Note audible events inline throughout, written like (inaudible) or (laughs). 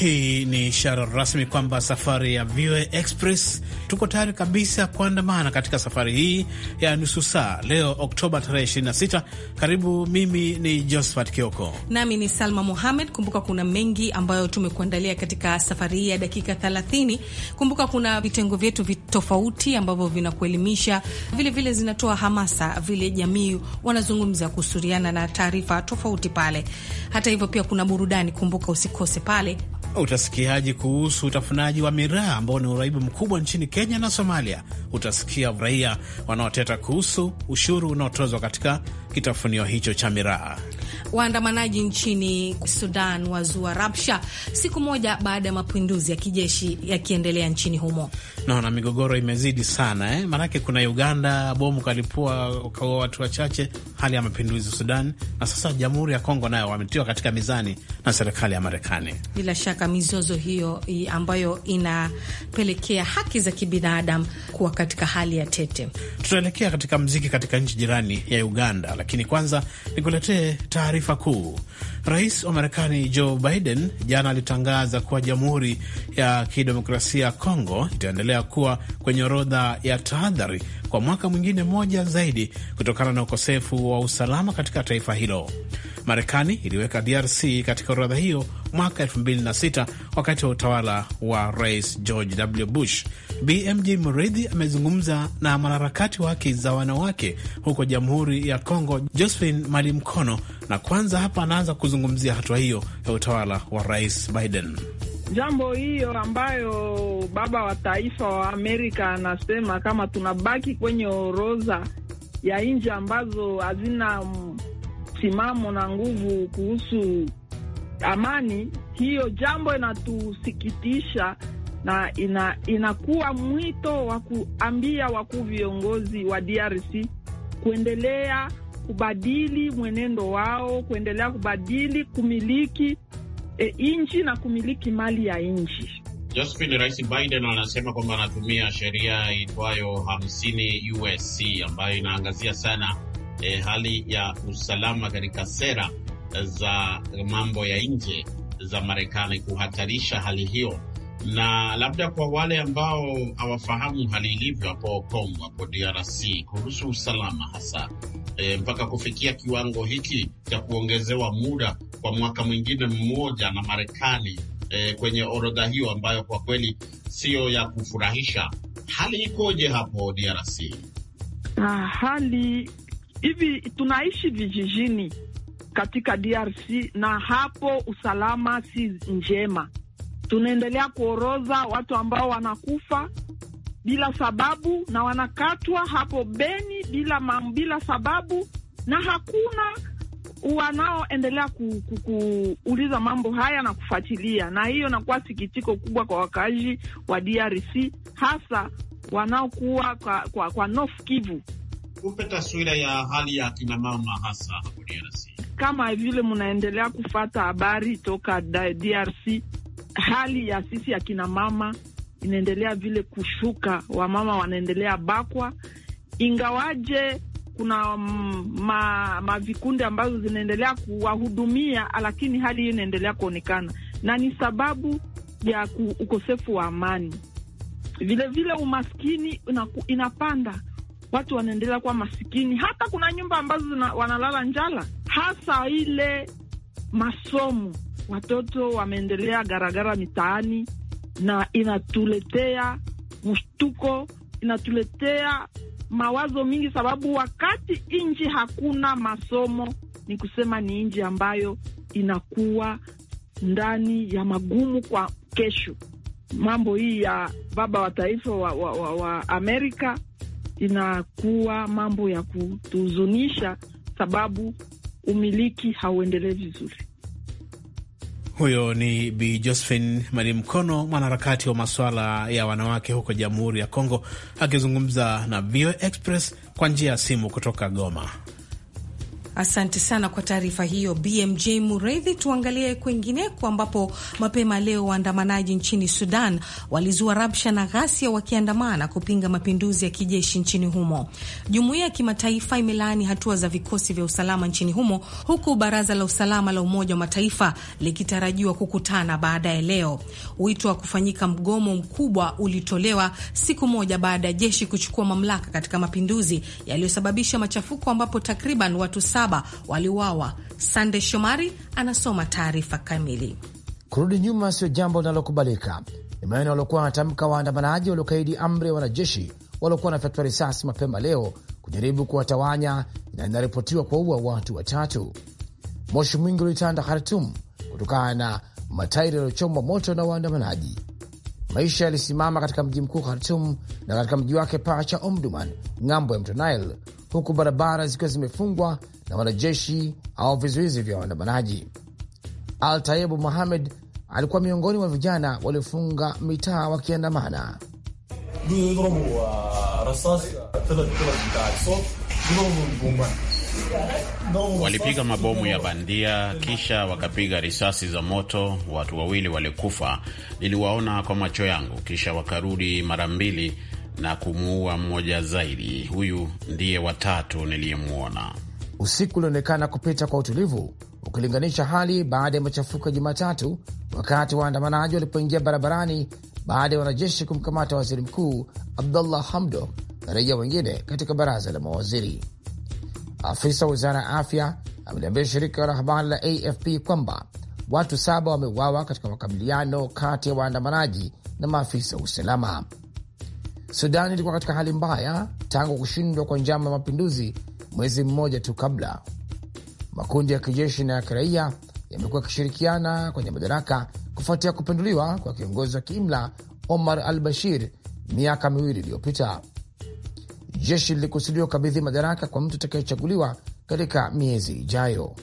Hii ni ishara rasmi kwamba safari ya VOA Express tuko tayari kabisa kuandamana katika safari hii ya nusu saa leo Oktoba tarehe 26. Karibu, mimi ni Josephat Kioko nami ni Salma muhamed Kumbuka kuna mengi ambayo tumekuandalia katika safari hii ya dakika 30. Kumbuka kuna vitengo vyetu tofauti ambavyo vinakuelimisha vilevile, zinatoa hamasa vile jamii wanazungumza kuhusuriana na taarifa tofauti pale. Hata hivyo pia kuna burudani, kumbuka usikose pale Utasikiaje kuhusu utafunaji wa miraa ambao ni uraibu mkubwa nchini Kenya na Somalia? Utasikia raia wanaoteta kuhusu ushuru unaotozwa katika kitafunio hicho cha miraa. Waandamanaji nchini Sudan wazua rabsha siku moja baada ya mapinduzi ya kijeshi yakiendelea nchini humo. Naona migogoro imezidi sana eh? Maanake kuna Uganda bomu kalipua ukaua watu wachache, hali ya mapinduzi Sudan, na sasa jamhuri ya Kongo nayo wametiwa katika mizani na serikali ya Marekani. Bila shaka mizozo hiyo ambayo inapelekea haki za kibinadamu kuwa katika hali ya tete. Tutaelekea katika mziki katika nchi jirani ya Uganda, lakini kwanza nikuletee taarifa taarifa kuu. Rais wa Marekani Joe Biden jana alitangaza kuwa Jamhuri ya Kidemokrasia ya Kongo itaendelea kuwa kwenye orodha ya tahadhari kwa mwaka mwingine mmoja zaidi kutokana na ukosefu wa usalama katika taifa hilo. Marekani iliweka DRC katika orodha hiyo mwaka 2006 wakati wa utawala wa Rais George W. Bush. BMJ Mridhi amezungumza na mwanaharakati wa haki za wanawake huko Jamhuri ya Kongo, Josephine Malimkono na kwanza hapa anaanza kuzungumzia hatua hiyo ya utawala wa Rais Biden. Jambo hiyo ambayo baba wa taifa wa Amerika anasema kama tunabaki kwenye orodha ya nchi ambazo hazina msimamo na nguvu kuhusu amani, hiyo jambo inatusikitisha na ina, inakuwa mwito wa kuambia wakuu viongozi wa DRC kuendelea kubadili mwenendo wao, kuendelea kubadili kumiliki e, nchi na kumiliki mali ya nchi. Josephine, Rais Biden anasema kwamba anatumia sheria itwayo 50 USC ambayo inaangazia sana e, hali ya usalama katika sera za mambo ya nje za Marekani kuhatarisha hali hiyo. Na labda kwa wale ambao hawafahamu hali ilivyo hapo Kongo, hapo DRC kuhusu usalama hasa e, mpaka kufikia kiwango hiki cha kuongezewa muda kwa mwaka mwingine mmoja na Marekani e, kwenye orodha hiyo ambayo kwa kweli siyo ya kufurahisha. Hali ikoje hapo DRC? Ah, hali hivi tunaishi vijijini katika DRC na hapo usalama si njema. Tunaendelea kuoroza watu ambao wanakufa bila sababu na wanakatwa hapo Beni bila mam, bila sababu na hakuna wanaoendelea kuuliza mambo haya na kufuatilia, na hiyo inakuwa sikitiko kubwa kwa wakaaji wa DRC hasa wanaokuwa kwa, kwa, kwa North Kivu. Upe taswira ya hali ya kina mama hasa hapo DRC, kama vile mnaendelea kufata habari toka DRC, hali ya sisi ya mama inaendelea vile kushuka, wamama wanaendelea bakwa, ingawaje kuna ma, ma vikundi ambazo zinaendelea kuwahudumia, lakini hali hiyo inaendelea kuonekana na ni sababu ya ukosefu wa amani. Vilevile vile umaskini inaku, inapanda, watu wanaendelea kuwa masikini. Hata kuna nyumba ambazo zina, wanalala njala, hasa ile masomo. Watoto wameendelea garagara mitaani, na inatuletea mshtuko, inatuletea mawazo mingi, sababu wakati nchi hakuna masomo, ni kusema ni nchi ambayo inakuwa ndani ya magumu kwa kesho. Mambo hii ya baba wa taifa wa, wa, wa, wa Amerika inakuwa mambo ya kutuhuzunisha, sababu umiliki hauendelee vizuri. Huyo ni Bi Josephine Malimkono, mwanaharakati wa masuala ya wanawake huko Jamhuri ya Kongo, akizungumza na VOA Express kwa njia ya simu kutoka Goma. Asante sana kwa taarifa hiyo BMJ Mureithi. Tuangalie kwingineko, ambapo mapema leo waandamanaji nchini Sudan walizua rabsha na ghasia wakiandamana kupinga mapinduzi ya kijeshi nchini humo. Jumuiya ya kimataifa imelaani hatua za vikosi vya usalama nchini humo, huku baraza la usalama la Umoja wa Mataifa likitarajiwa kukutana baadaye leo. Wito wa kufanyika mgomo mkubwa ulitolewa siku moja baada ya jeshi kuchukua mamlaka katika mapinduzi yaliyosababisha machafuko, ambapo takriban watu saba saba waliuawa. Sande Shomari anasoma taarifa kamili. Kurudi nyuma sio jambo linalokubalika, ni maneno waliokuwa wanatamka waandamanaji waliokaidi amri ya wanajeshi waliokuwa wanafyatua risasi mapema leo kujaribu kuwatawanya, na inaripotiwa kuwaua watu watatu. Moshi mwingi ulitanda Khartum kutokana na matairi yaliyochomwa moto na waandamanaji. Maisha yalisimama katika mji mkuu Khartum na katika mji wake pacha Omduman, ng'ambo ya mto Nile, huku barabara zikiwa zimefungwa na wanajeshi au vizuizi vya waandamanaji. Al Tayebu Muhamed alikuwa miongoni mwa vijana waliofunga mitaa wakiandamana. Walipiga mabomu ya bandia, kisha wakapiga risasi za moto. Watu wawili walikufa, niliwaona kwa macho yangu, kisha wakarudi mara mbili na kumuua mmoja zaidi. Huyu ndiye watatu niliyemwona. Usiku ulionekana kupita kwa utulivu ukilinganisha hali baada ya machafuko ya Jumatatu, wakati waandamanaji walipoingia barabarani baada ya wanajeshi kumkamata waziri mkuu Abdullah Hamdok na raia wengine katika baraza la mawaziri. Afisa wa wizara ya afya ameliambia shirika la habari la AFP kwamba watu saba wameuawa katika makabiliano kati ya waandamanaji na maafisa wa usalama. Sudani ilikuwa katika hali mbaya tangu kushindwa kwa njama ya mapinduzi mwezi mmoja tu kabla. Makundi ya kijeshi na ya kiraia yamekuwa yakishirikiana kwenye madaraka kufuatia kupinduliwa kwa kiongozi wa kiimla Omar al Bashir miaka miwili iliyopita. Jeshi lilikusudiwa kukabidhi madaraka kwa mtu atakayechaguliwa katika miezi ijayo.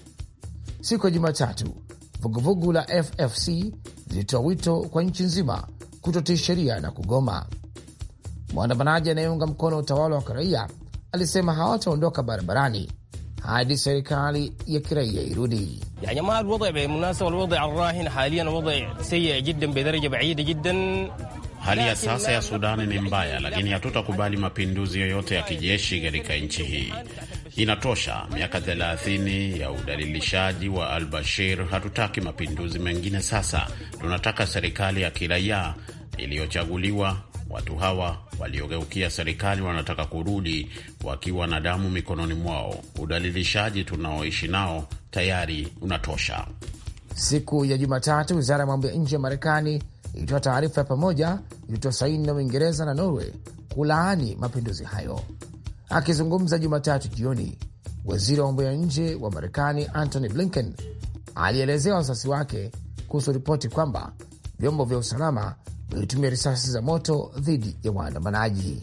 Siku ya Jumatatu, vuguvugu la FFC lilitoa wito kwa nchi nzima kutotii sheria na kugoma. Mwandamanaji anayeunga mkono utawala wa kiraia alisema hawataondoka barabarani hadi serikali ya kiraia irudi. Hali ya sasa ya Sudani ni mbaya, lakini hatutakubali mapinduzi yoyote ya kijeshi katika nchi hii. Inatosha miaka 30 ya udalilishaji wa al Bashir. Hatutaki mapinduzi mengine sasa, tunataka serikali ya kiraia iliyochaguliwa. Watu hawa waliogeukia serikali wanataka kurudi wakiwa na damu mikononi mwao. Udalilishaji tunaoishi nao tayari unatosha. Siku ya Jumatatu, wizara ya mambo ya nje ya Marekani ilitoa taarifa ya pamoja iliyotoa saini na Uingereza na Norway kulaani mapinduzi hayo. Akizungumza Jumatatu jioni, waziri wa mambo ya nje wa Marekani Antony Blinken alielezea wasiwasi wake kuhusu ripoti kwamba vyombo vya usalama vilitumia risasi za moto dhidi ya waandamanaji.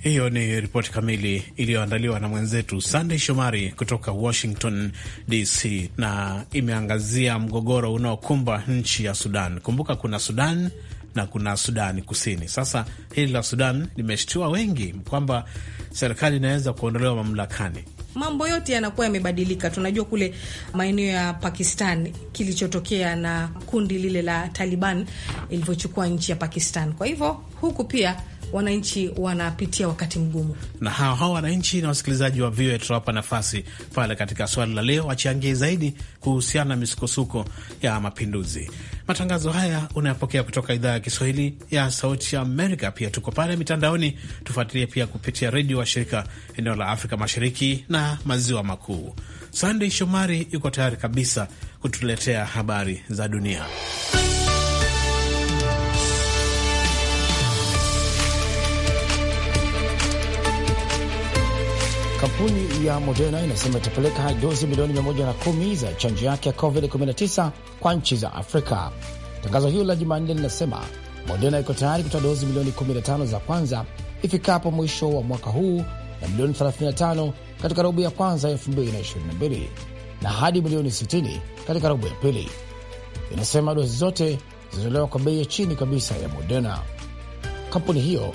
Hiyo ni ripoti kamili iliyoandaliwa na mwenzetu Sandey Shomari kutoka Washington DC, na imeangazia mgogoro unaokumba nchi ya Sudan. Kumbuka kuna Sudan na kuna Sudani Kusini. Sasa hili la Sudan limeshtua wengi kwamba serikali inaweza kuondolewa mamlakani mambo yote yanakuwa yamebadilika. Tunajua kule maeneo ya Pakistan kilichotokea na kundi lile la Taliban ilivyochukua nchi ya Pakistan. Kwa hivyo huku pia wananchi wanapitia wakati mgumu, na hao hao wananchi na wasikilizaji wa VOA tunawapa nafasi pale katika swali la leo wachangie zaidi kuhusiana na misukosuko ya mapinduzi. Matangazo haya unayapokea kutoka idhaa ya Kiswahili ya Sauti Amerika. Pia tuko pale mitandaoni, tufuatilie pia kupitia redio wa shirika eneo la Afrika Mashariki na Maziwa Makuu. Sandey Shomari yuko tayari kabisa kutuletea habari za dunia. Kampuni ya Moderna inasema itapeleka dozi milioni 110 za chanjo yake ya COVID-19 kwa nchi za Afrika. Tangazo hilo la Jumanne linasema Moderna iko tayari kutoa dozi milioni 15 za kwanza ifikapo mwisho wa mwaka huu na milioni 35 katika robo ya kwanza ya 2022 na hadi milioni 60 katika robo ya pili. Inasema dozi zote zinatolewa kwa bei ya chini kabisa ya Moderna. Kampuni hiyo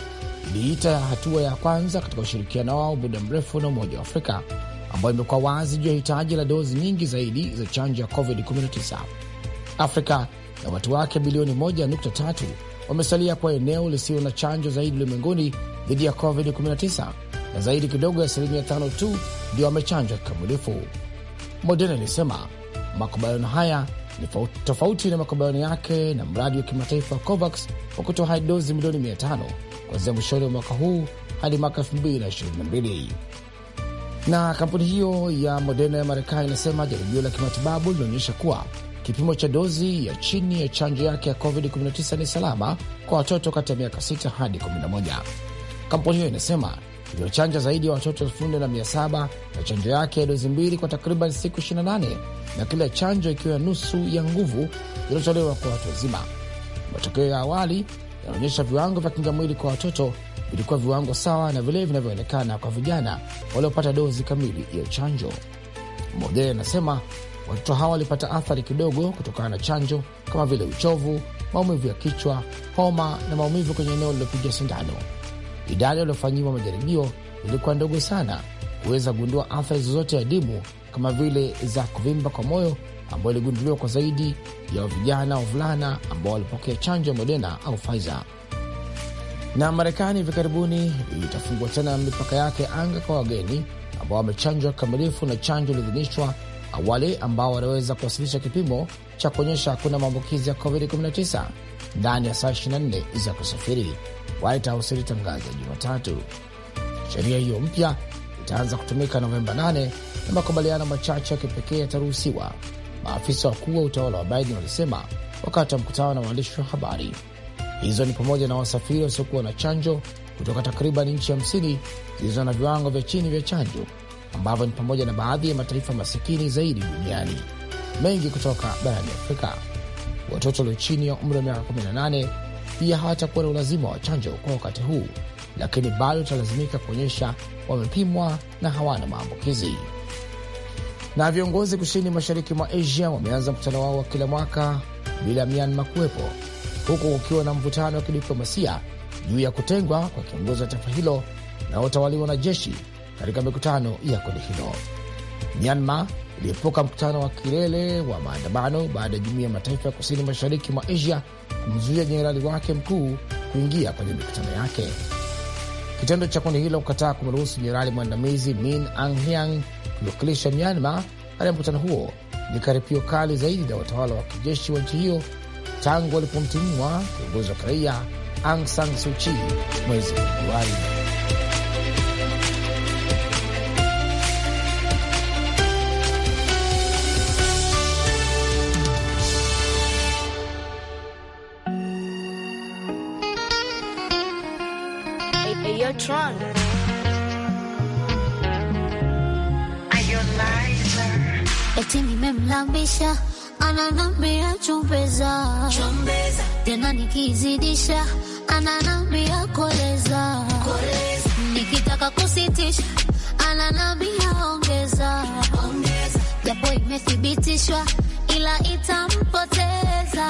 iliita hatua ya kwanza katika ushirikiano wao muda mrefu na Umoja wa Afrika ambayo imekuwa wazi juu ya hitaji la dozi nyingi zaidi za chanjo ya COVID-19. Afrika na watu wake bilioni 1.3 wamesalia kwa eneo lisilo na chanjo zaidi ulimwenguni dhidi ya COVID-19, na zaidi kidogo ya asilimia tano tu ndio wamechanjwa kikamilifu. Moderna ilisema makubaliano haya tofauti na makubaliano yake na mradi wa kimataifa wa COVAX wa kutoa hadi dozi milioni 500 kuanzia mwishoni wa mwaka huu hadi mwaka 2022. Na kampuni hiyo ya Moderna ya Marekani inasema jaribio la kimatibabu linaonyesha kuwa kipimo cha dozi ya chini ya chanjo yake ya COVID-19 ni salama kwa watoto kati ya miaka 6 hadi 11. Kampuni hiyo inasema iliyochanja zaidi ya watoto elfu nne na mia saba na chanjo yake ya dozi mbili kwa takriban siku 28 na kila chanjo ikiwa nusu ya nguvu iliyotolewa kwa watu wazima. Matokeo ya awali yanaonyesha viwango vya kingamwili kwa watoto vilikuwa viwango sawa na vile vinavyoonekana kwa vijana waliopata dozi kamili ya chanjo. Modee anasema watoto hawa walipata athari kidogo kutokana na chanjo kama vile uchovu, maumivu ya kichwa, homa na maumivu kwenye eneo lililopiga sindano idadi waliofanyiwa majaribio ilikuwa ndogo sana kuweza kugundua athari zozote adimu kama vile za kuvimba kwa moyo ambayo iligunduliwa kwa zaidi ya vijana wavulana ambao walipokea chanjo ya Moderna au Pfizer. Na Marekani hivi karibuni itafungua tena mipaka yake anga kwa wageni ambao wamechanjwa kikamilifu na chanjo iliidhinishwa, wale ambao wanaweza kuwasilisha kipimo cha kuonyesha hakuna maambukizi ya COVID-19 ndani ya saa 24 za kusafiri, White House ilitangaza Jumatatu. Sheria hiyo mpya itaanza kutumika Novemba 8 na makubaliano machache ya kipekee yataruhusiwa, maafisa wakuu wa utawala wa Biden walisema wakati wa mkutano na waandishi wa habari. Hizo ni pamoja na wasafiri wasiokuwa na chanjo kutoka takriban nchi hamsini zilizo na viwango vya chini vya chanjo ambavyo ni pamoja na baadhi ya mataifa masikini zaidi duniani, mengi kutoka barani Afrika. Watoto walio chini ya umri wa miaka 18 pia hawatakuwa na ulazima wa chanjo kwa wakati huu, lakini bado watalazimika kuonyesha wamepimwa na hawana maambukizi. Na viongozi kusini mashariki mwa Asia wameanza mkutano wao wa kila mwaka bila Myanmar kuwepo, huku kukiwa na mvutano wa kidiplomasia juu ya kutengwa kwa kiongozi wa taifa hilo na utawaliwa na jeshi katika mikutano ya kundi hilo. Myanmar iliepuka mkutano wa kilele wa maandamano baada ya jumuiya ya mataifa ya kusini mashariki mwa Asia kumzuia jenerali wake mkuu kuingia kwenye mikutano yake. Kitendo cha kundi hilo kukataa kumruhusu jenerali mwandamizi Min Aung Hlaing myanma Myanmar baada ya mkutano huo ni karipio kali zaidi la watawala wa kijeshi wa nchi hiyo tangu walipomtimua kiongozi wa kiraia Aung San Suu Kyi mwezi Februari. eti nimemlambisha, ananambia chumbeza, chumbeza tena, nikizidisha ananambia koleza, koleza, nikitaka kusitisha ananambia ongeza, ongeza, japo imethibitishwa ila itampoteza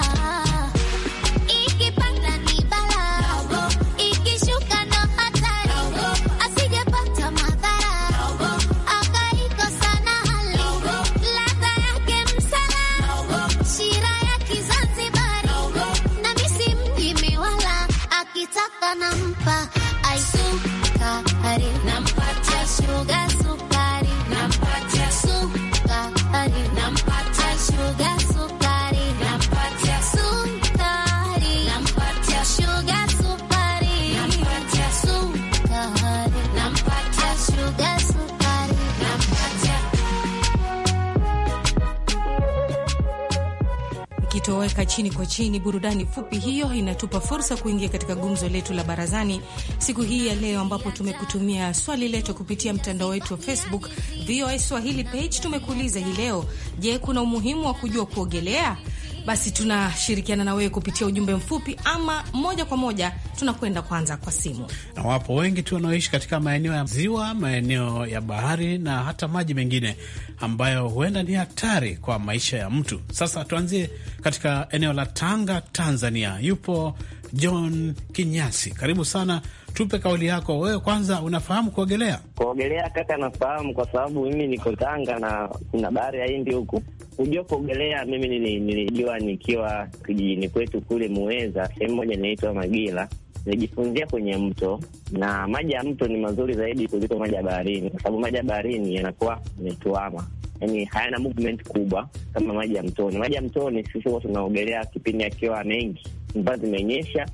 tulitoweka chini kwa chini. Burudani fupi hiyo inatupa fursa kuingia katika gumzo letu la barazani siku hii ya leo, ambapo tumekutumia swali letu kupitia mtandao wetu wa Facebook VOA Swahili page. Tumekuuliza hii leo, je, kuna umuhimu wa kujua kuogelea? basi tunashirikiana na wewe kupitia ujumbe mfupi ama moja kwa moja. Tunakwenda kwanza kwa simu, na wapo wengi tu wanaoishi katika maeneo ya ziwa, maeneo ya bahari na hata maji mengine ambayo huenda ni hatari kwa maisha ya mtu. Sasa tuanzie katika eneo la Tanga, Tanzania. Yupo John Kinyasi, karibu sana. Tupe kauli yako wewe, kwanza unafahamu kuogelea? Kuogelea kaka, nafahamu kwa sababu mimi niko Tanga na kuna bahari ya Hindi huku Kujua kuogelea mimi nilijua nikiwa kijijini kwetu kule Muweza, sehemu moja inaitwa Magila. Nilijifunzia kwenye mto, na maji ya mto ni mazuri zaidi kuliko maji ya baharini, kwa sababu maji ya baharini yanakuwa metuama, yani hayana movement kubwa kama maji ya mtoni. Maji ya mtoni sisi huwa tunaogelea kipindi akiwa mengi, mvua zimenyesha,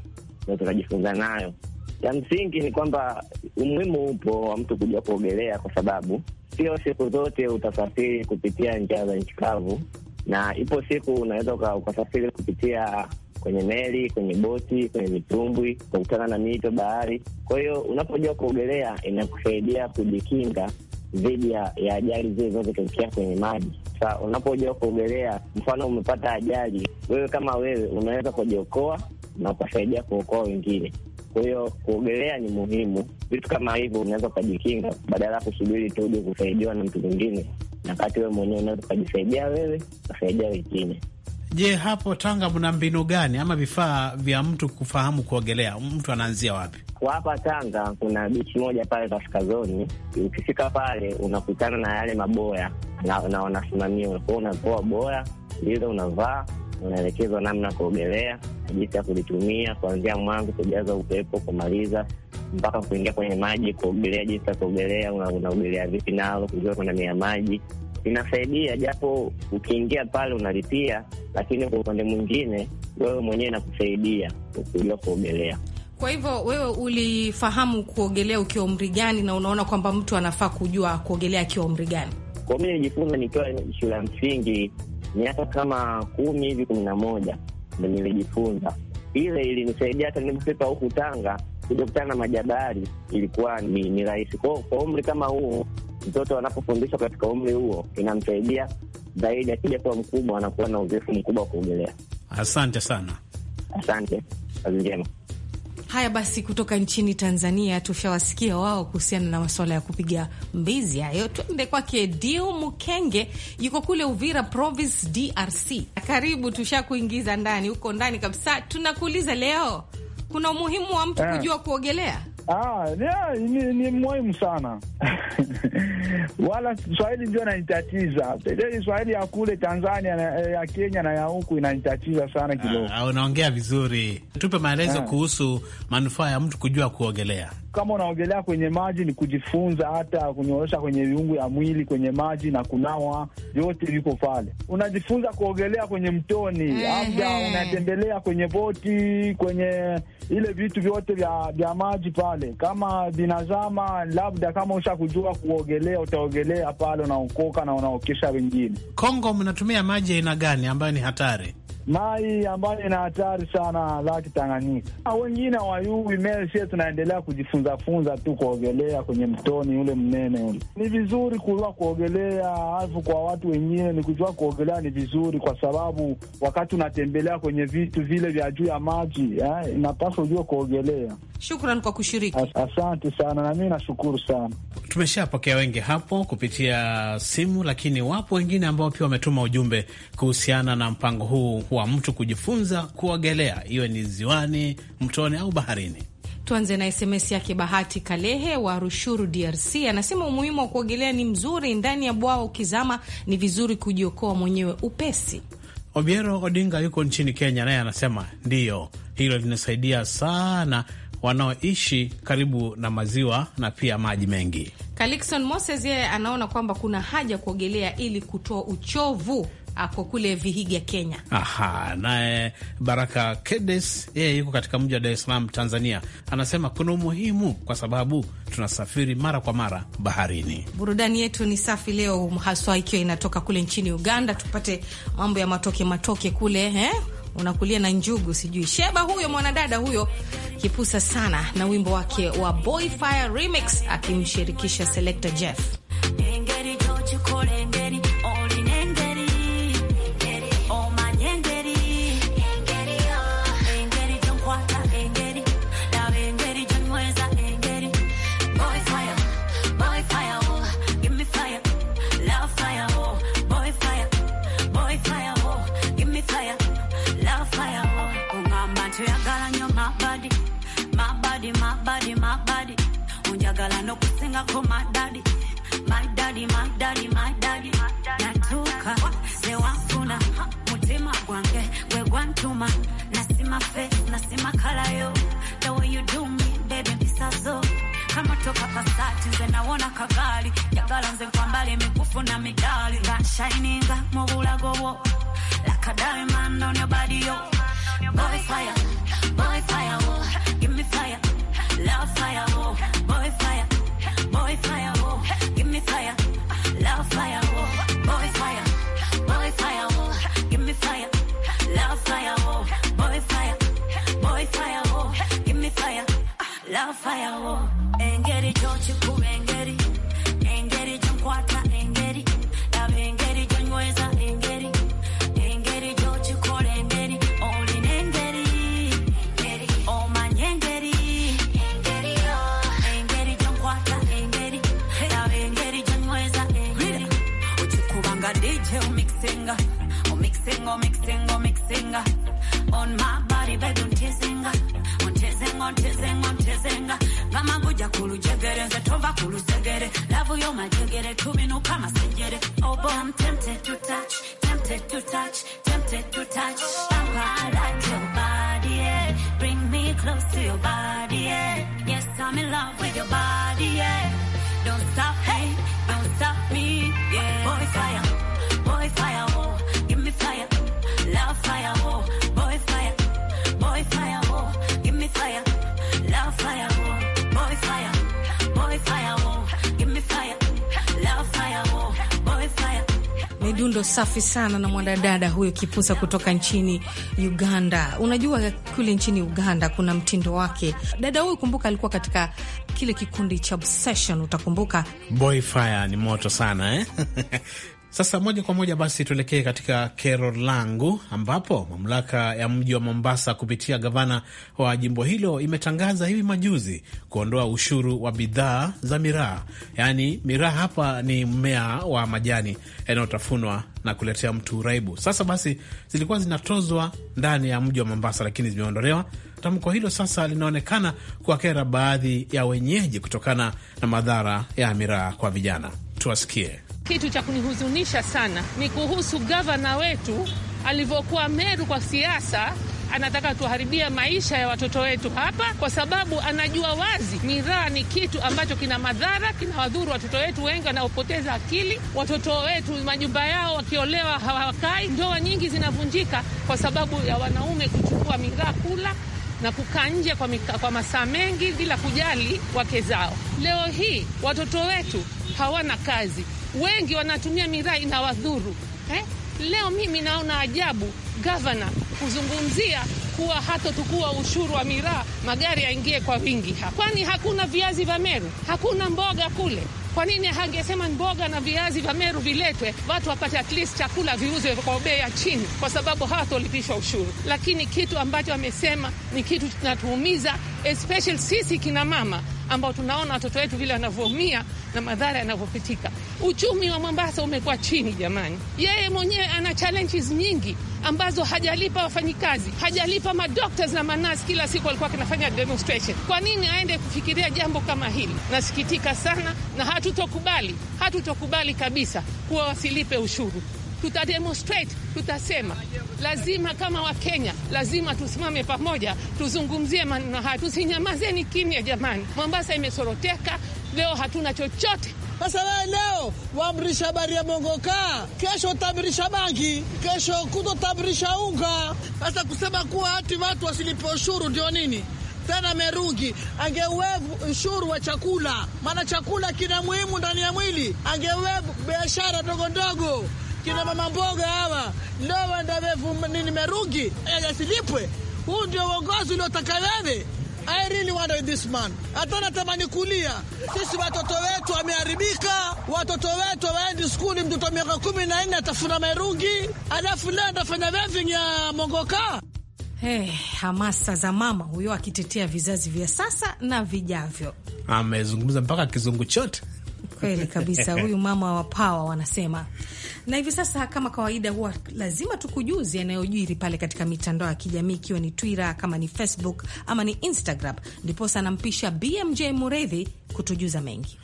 na tunajifunza nayo. Ya msingi ni kwamba umuhimu upo wa mtu kujua kuogelea kwa sababu sio siku zote utasafiri kupitia njia za nchi kavu, na ipo siku unaweza ukasafiri kupitia kwenye meli, kwenye boti, kwenye mitumbwi, kukutana na mito, bahari. Kwa hiyo unapojua kuogelea inakusaidia kujikinga dhidi ya ajali zile zinazotokea kwenye maji. sa unapojua kuogelea, mfano umepata ajali, wewe kama wewe unaweza kujiokoa na ukasaidia kuokoa wengine. Kwa hiyo kuogelea ni muhimu. Vitu kama hivyo unaweza ukajikinga, badala ya kusubiri tu uje kusaidiwa na mtu mwingine, na wakati wewe mwenyewe unaweza ukajisaidia wewe, ukasaidia wengine. Je, hapo Tanga mna mbinu gani ama vifaa vya mtu kufahamu kuogelea? Mtu anaanzia wapi? Kwa hapa Tanga kuna bichi moja pale kaskazoni. Ukifika pale unakutana na yale maboya na wanasimamia, unakuwa unapoa boya lile unavaa unaelekezwa namna ya kuogelea, jinsi ya kulitumia kuanzia mwanzo, kujaza upepo, kumaliza mpaka kuingia kwenye maji, kuogelea, jinsi ya kuogelea, unaogelea vipi nalo, kujua kuna mia maji inasaidia japo ukiingia pale unalipia, lakini kwa upande mwingine wewe mwenyewe inakusaidia kujua kuogelea. Kwa hivyo wewe ulifahamu kuogelea ukiwa umri gani, na unaona kwamba mtu anafaa kujua kuogelea akiwa umri gani? Kwa mi nijifunza nikiwa shule ya msingi miaka kama kumi hivi kumi na moja ndo nilijifunza ile, ilinisaidia hata nilipofika huku Tanga kuja kutana na majabari ilikuwa ni, ni rahisi kwao. Kwa umri kama huo, mtoto anapofundishwa katika umri huo inamsaidia zaidi, akija kuwa mkubwa anakuwa na uzoefu mkubwa wa kuogelea. Asante sana, asante, kazi njema. Haya basi, kutoka nchini Tanzania tushawasikia wao kuhusiana na masuala ya kupiga mbizi hayo. Tuende kwake Diu Mukenge, yuko kule Uvira Province, DRC. Karibu, tushakuingiza ndani huko ndani kabisa. Tunakuuliza leo, kuna umuhimu wa mtu ah. kujua kuogelea? Ah, yeah, ni, ni muhimu sana (laughs) wala Swahili ndio nanitatiza inanitatiza Swahili ya kule Tanzania na, eh, ya Kenya na ya huku inanitatiza sana kidogo. Ah, unaongea vizuri, tupe maelezo ah, kuhusu manufaa ya mtu kujua kuogelea kama unaogelea kwenye maji ni kujifunza hata kunyoosha kwenye viungu ya mwili kwenye maji na kunawa, vyote viko pale. Unajifunza kuogelea kwenye mtoni, labda unatembelea kwenye boti, kwenye ile vitu vyote vya, vya maji pale. Kama vinazama, labda kama usha kujua kuogelea, utaogelea pale, unaokoka na unaokesha wengine. Kongo mnatumia maji aina gani ambayo ni hatari? mai ambayo ina hatari sana laki Tanganyika. Wengine hawajui mel, sie tunaendelea kujifunzafunza tu kuogelea kwenye mtoni ule mnene ule. Ni vizuri kujua kuogelea, alafu kwa watu wengine ni kujua kuogelea ni vizuri, kwa sababu wakati unatembelea kwenye vitu vile vya juu ya maji eh, inapaswa ujue kuogelea. Shukran kwa kushiriki. Asante sana, nami nashukuru sana. Tumeshapokea wengi hapo kupitia simu, lakini wapo wengine ambao pia wametuma ujumbe kuhusiana na mpango huu wa mtu kujifunza kuogelea, iwe ni ziwani, mtoni au baharini. Tuanze na SMS yake Bahati Kalehe wa Rushuru, DRC. Anasema umuhimu wa kuogelea ni mzuri, ndani ya bwawa ukizama ni vizuri kujiokoa mwenyewe upesi. Obiero Odinga yuko nchini Kenya, naye anasema ndiyo, hilo linasaidia sana wanaoishi karibu na maziwa na pia maji mengi. Kalikson Moses yeye anaona kwamba kuna haja kuogelea ili kutoa uchovu ako kule Vihiga, Kenya. Aha, naye Baraka Kedes yeye yuko katika mji wa Dar es Salaam, Tanzania, anasema kuna umuhimu kwa sababu tunasafiri mara kwa mara baharini. Burudani yetu ni safi leo haswa ikiwa inatoka kule nchini Uganda, tupate mambo ya matoke matoke kule eh? unakulia na njugu sijui Sheba huyo mwanadada huyo kipusa sana na wimbo wake wa Boyfire Remix akimshirikisha Selector Jeff. Kala no kutenga kwa my daddy. My daddy, my daddy, my daddy. natuka se wafuna, mutima gwange, we gwantuma. Nasima fe, nasima kala yo. The way you do me, baby, misazo. Kama toka pasati, nze nawona kagali. Yagala nze kwa mbali, mikufu na midali. Nga shininga, mugula gowo. Like a diamond on your body, yo. Boy fire, boy fire, oh. Give me fire. Love fire, oh. oh Midundo safi sana na mwanadada huyo kipusa kutoka nchini Uganda. Unajua kule nchini Uganda kuna mtindo wake. Dada huyu kumbuka, alikuwa katika kile kikundi cha Obsession, utakumbuka. Boyfire ni moto sana eh? (laughs) Sasa moja kwa moja basi tuelekee katika kero langu, ambapo mamlaka ya mji wa Mombasa kupitia gavana wa jimbo hilo imetangaza hivi majuzi kuondoa ushuru wa bidhaa za miraa. Yaani miraa hapa ni mmea wa majani yanayotafunwa na kuletea mtu uraibu. Sasa basi, zilikuwa zinatozwa ndani ya mji wa Mombasa, lakini zimeondolewa. Tamko hilo sasa linaonekana kuwakera baadhi ya wenyeji kutokana na madhara ya miraa kwa vijana. Tuwasikie. Kitu cha kunihuzunisha sana ni kuhusu gavana wetu alivyokuwa Meru kwa siasa anataka tuharibia maisha ya watoto wetu hapa, kwa sababu anajua wazi miraa ni kitu ambacho kina madhara, kinawadhuru watoto wetu. Wengi wanaopoteza akili, watoto wetu majumba yao wakiolewa hawakai, ndoa nyingi zinavunjika kwa sababu ya wanaume kuchukua miraa kula na kukaa nje kwa, kwa masaa mengi bila kujali wake zao. Leo hii watoto wetu hawana kazi wengi wanatumia miraa inawadhuru eh? Leo mimi naona ajabu gavana kuzungumzia kuwa hatotukua ushuru wa miraa, magari yaingie kwa wingi hapa. Kwani hakuna viazi vya Meru, hakuna mboga kule. Kwa nini hangesema mboga na viazi vya Meru viletwe, watu wapate at least chakula viuzwe kwa bei ya chini, kwa sababu hawatolipishwa ushuru. Lakini kitu ambacho amesema ni kitu kinatuumiza, especially sisi kina mama ambao tunaona watoto wetu vile wanavyoumia na madhara yanavyopitika. Uchumi wa Mombasa umekuwa chini jamani. Yeye mwenyewe ana challenges nyingi ambazo hajalipa wafanyikazi, hajalipa kwamba madoctors na manasi kila siku walikuwa kinafanya demonstration. Kwa nini aende kufikiria jambo kama hili? Nasikitika sana, na hatutokubali, hatutokubali kabisa kuwa wasilipe ushuru. Tutademonstrate, tutasema lazima. Kama Wakenya lazima tusimame pamoja, tuzungumzie maneno haya, tusinyamazeni kimya jamani. Mombasa imesoroteka leo, hatuna chochote sasa wewe leo waamrisha habari ya mongoka, kesho utamrisha bangi, kesho kutotamrisha unga. Sasa kusema kuwa hati watu wasilipe ushuru ndio nini? Tena merugi angewevu ushuru wa chakula, maana chakula kina muhimu ndani ya mwili. angewe biashara ndogo ndogo, kina mama mboga hawa leo wandawevu nini merugi yasilipwe. Huu ndio uongozi uliotaka wewe. I really with this man. Hatuna tamani kulia. Sisi watoto wetu wameharibika, watoto wetu waendi skuli, mtoto miaka kumi na nne atafuna merungi, alafu leo atafanya veving ya mongoka. Hey, eh, hamasa za mama huyo akitetea vizazi vya sasa na vijavyo. Amezungumza mpaka kizungu chote. Kweli kabisa, huyu mama wa pawa wanasema na hivi sasa kama kawaida, huwa lazima tukujuze yanayojiri pale katika mitandao ya kijamii, ikiwa ni Twitter, kama ni Facebook ama ni Instagram. Ndiposa anampisha BMJ Muredhi kutujuza mengi.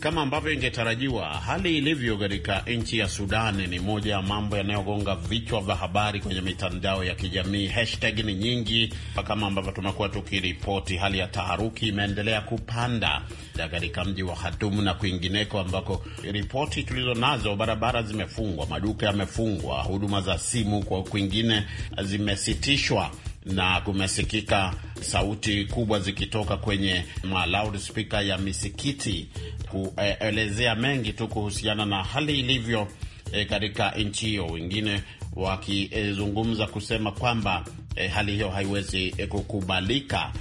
Kama ambavyo ingetarajiwa, hali ilivyo katika nchi ya Sudani ni moja ya mambo yanayogonga vichwa vya habari kwenye mitandao ya kijamii. Hashtag ni nyingi, kama ambavyo tumekuwa tukiripoti. Hali ya taharuki imeendelea kupanda katika mji wa Khartoum na kwingineko, ambako ripoti tulizo nazo, barabara zimefungwa, maduka yamefungwa, huduma za simu kwa kwingine zimesitishwa na kumesikika sauti kubwa zikitoka kwenye malaudspika ya misikiti kuelezea mengi tu kuhusiana na hali ilivyo e, katika nchi hiyo, wengine wakizungumza kusema kwamba e, hali hiyo haiwezi e, kukubalika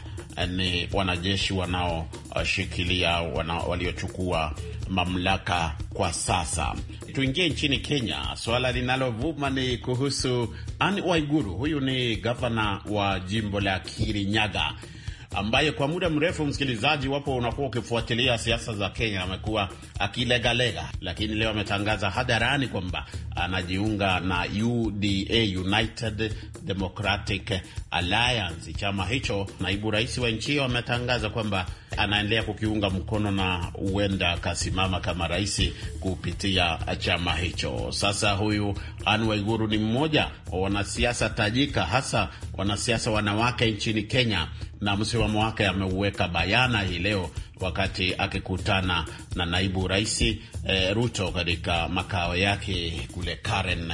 ni wanajeshi wanaoshikilia uh, wana, waliochukua mamlaka kwa sasa. Tuingie nchini Kenya. suala linalovuma ni kuhusu Anne Waiguru. Huyu ni gavana wa jimbo la Kirinyaga ambaye kwa muda mrefu, msikilizaji, wapo unakuwa ukifuatilia siasa za Kenya, amekuwa akilegalega, lakini leo ametangaza hadharani kwamba anajiunga na UDA, United Democratic Alliance, chama hicho. Naibu rais wa nchi hiyo ametangaza kwamba anaendelea kukiunga mkono na huenda akasimama kama rais kupitia chama hicho. Sasa huyu Anne Waiguru ni mmoja wa wanasiasa tajika, hasa wanasiasa wanawake nchini Kenya, na msimamo wake ameuweka bayana hii leo wakati akikutana na naibu rais eh, Ruto katika makao yake kule Karen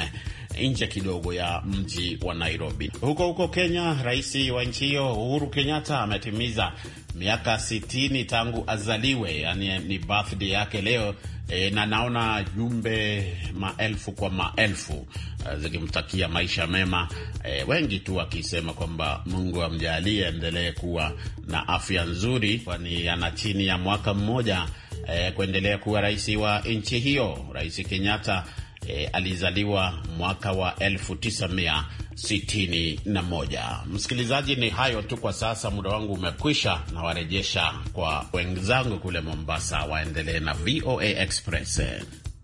nje kidogo ya mji wa Nairobi. Huko huko Kenya, rais wa nchi hiyo Uhuru Kenyatta ametimiza miaka 60 tangu azaliwe, yani ni birthday yake leo. E, na naona jumbe maelfu kwa maelfu e, zikimtakia maisha mema, e, wengi tu wakisema kwamba Mungu amjalie endelee kuwa na afya nzuri, kwani ana chini ya mwaka mmoja e, kuendelea kuwa rais wa nchi hiyo. Rais Kenyatta e, alizaliwa mwaka wa 1961. Msikilizaji, ni hayo tu kwa sasa, muda wangu umekwisha, na warejesha kwa wenzangu kule Mombasa waendelee na VOA Express.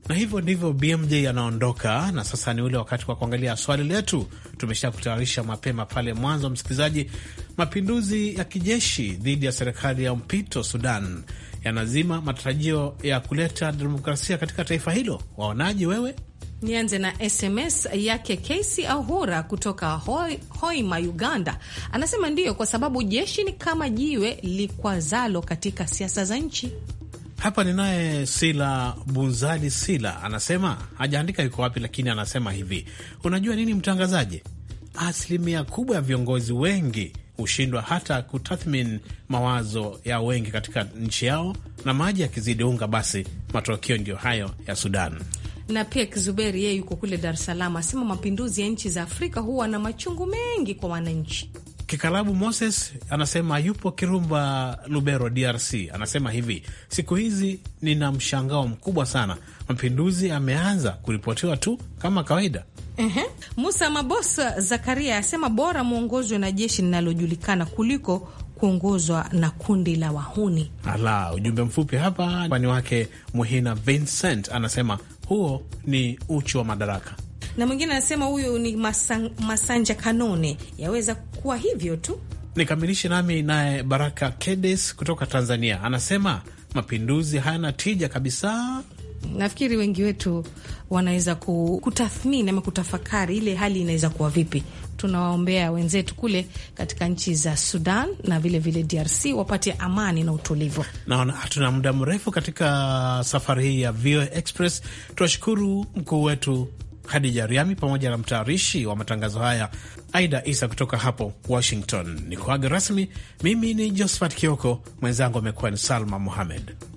Na hivyo ndivyo BMJ anaondoka, na sasa ni ule wakati wa kuangalia swali letu. Tumesha kutayarisha mapema pale mwanzo, msikilizaji. Mapinduzi ya kijeshi dhidi ya serikali ya mpito Sudan yanazima matarajio ya kuleta demokrasia katika taifa hilo. Waonaje wewe? Nianze na SMS yake Kesi Ahura kutoka Hoi, Hoima, Uganda. Anasema ndiyo, kwa sababu jeshi ni kama jiwe likwazalo katika siasa za nchi. Hapa ninaye Sila Bunzali. Sila anasema hajaandika yuko wapi, lakini anasema hivi, unajua nini mtangazaji, asilimia kubwa ya viongozi wengi hushindwa hata kutathmini mawazo ya wengi katika nchi yao, na maji yakizidi unga, basi matokeo ndiyo hayo ya Sudan na pia Kizuberi yeye yuko kule Dar es Salaam, asema mapinduzi ya nchi za Afrika huwa na machungu mengi kwa wananchi. Kikalabu Moses anasema yupo Kirumba, Lubero, DRC. Anasema hivi, siku hizi nina mshangao mkubwa sana, mapinduzi ameanza kuripotiwa tu kama kawaida. Uhum. Musa Mabosa Zakaria asema bora mwongozwe na jeshi linalojulikana kuliko kuongozwa na kundi la wahuni. Ala, ujumbe mfupi hapa ni wake Muhina Vincent anasema huo ni uchu wa madaraka na mwingine anasema huyu ni Masang, Masanja Kanone, yaweza kuwa hivyo tu. Nikamilishe nami naye Baraka Kedes kutoka Tanzania anasema mapinduzi hayana tija kabisa. Nafikiri wengi wetu wanaweza kutathmini ama kutafakari ile hali inaweza kuwa vipi. Tunawaombea wenzetu kule katika nchi za Sudan na vilevile DRC wapate amani na utulivu. Naona hatuna muda mrefu katika safari hii ya VOA Express. Tuwashukuru mkuu wetu Hadija Riami pamoja na mtayarishi wa matangazo haya Aida Isa kutoka hapo Washington. Ni kuaga rasmi, mimi ni Josphat Kioko, mwenzangu amekuwa ni Salma Muhamed.